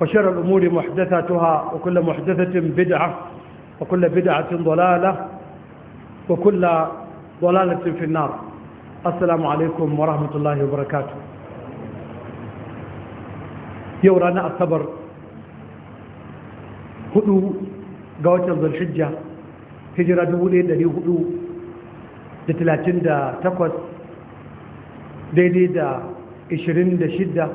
وشر الأمور محدثاتها وكل محدثة بدعة وكل بدعة ضلالة وكل ضلالة في النار السلام عليكم ورحمة الله وبركاته يورانا الصبر هدو قوات ذو الحجة هجرة دولين دلي هدو لتلاتين دا تقوت ديدي دا شدة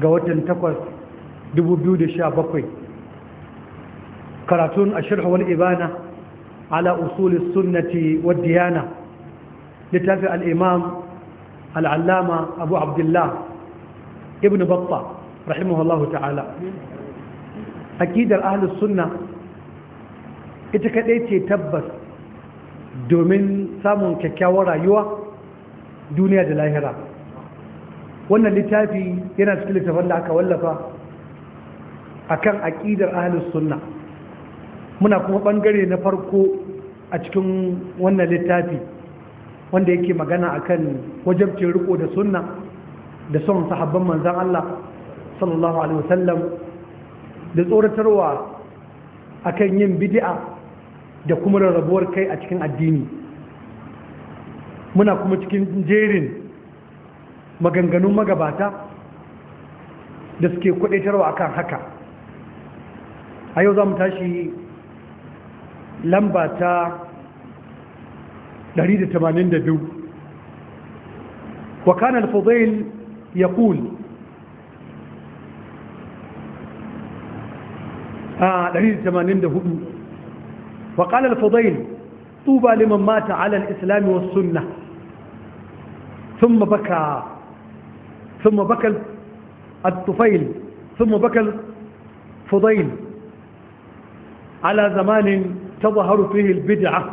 ga watan 8 2017 karatun ashirha wal ibana ala usuli sunnati wa diyana littafi al allama abu abdullah ibn batta rahimahullahu ta'ala aƙidar ahlus sunna ita kaɗai ce tabbas domin samun kyakkyawar rayuwa duniya da lahira wannan littafi yana cikin littafin da aka wallafa a akan aƙidar ahlus sunna muna kuma ɓangare na farko a cikin wannan littafi wanda yake magana a kan wajabcin riko da sunna da son sahabban manzan Allah sallallahu alaihi wasallam da tsoratarwa akan yin bidi'a da kuma rarrabuwar kai a cikin addini muna kuma cikin jerin maganganun magabata da suke kudaitarwa akan haka a yau za mu tashi lamba ta 182 وكان الفضيل يقول آه 184 وقال الفضيل طوبى mata مات على الإسلام والسنة ثم بكى ثم بكل الطفيل ثم بكل فضيل على زمان تظهر فيه البدعة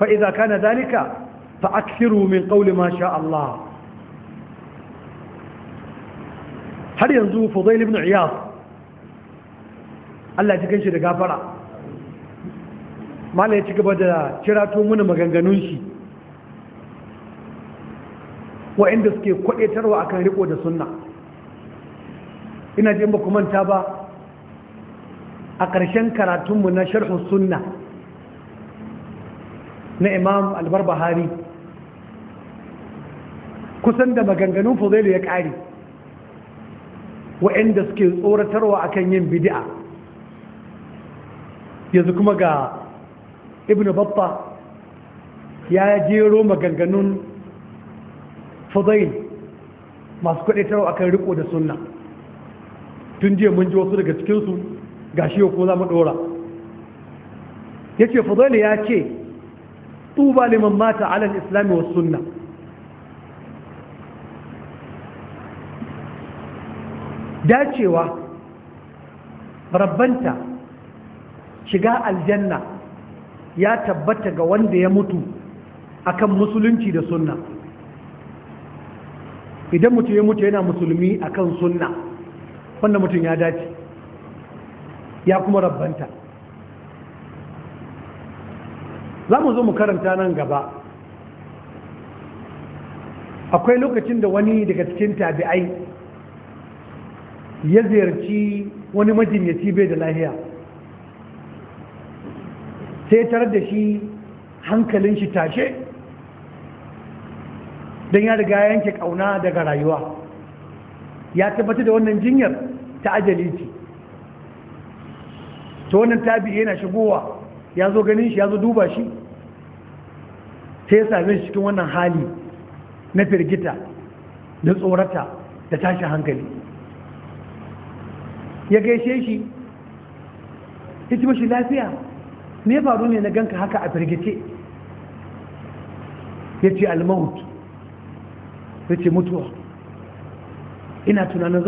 فإذا كان ذلك فأكثروا من قول ما شاء الله هل ينزو فضيل بن عياض ألا يجيكنش لقابرة ما لا يجيكب هذا شراته من مغنغنونشي Wa'inda suke kwadaitarwa akan riko da sunna ina jin muku manta ba a ƙarshen karatunmu na sharhun sunna na imam albar bahari kusan da maganganun fuzailu ya ƙari wa'inda suke tsoratarwa akan yin bidi'a yanzu kuma ga ibn babba ya jero maganganun fadail masu a kan riko da sunna tun jiya mun ji wasu daga cikinsu ga yau ko za mu ɗora ya ce fadail ya ce tuba liman mata alal islami wa sunna dacewa rabbanta shiga aljanna ya tabbata ga wanda ya mutu akan musulunci da sunna idan mutum ya mutu yana musulmi a kan sunna wannan mutum ya dace ya kuma rabbanta za mu zo mu karanta nan gaba akwai lokacin da wani daga cikin tabi'ai ya ziyarci wani majinyaci bai da lahiya sai tarar da shi hankalin shi tashe don ya riga yanke kauna daga rayuwa ya tabbatar da wannan jinyar ta ajali ce to wannan tabi yana shigowa ya zo ganin shi ya zo duba shi sai ya same shi cikin wannan hali na firgita da tsorata da tashi hankali ya gaishe shi ya ci mashi lafiya ne faru ne na ganka haka a firgice ya ce almaut sai ce mutuwa ina tunanin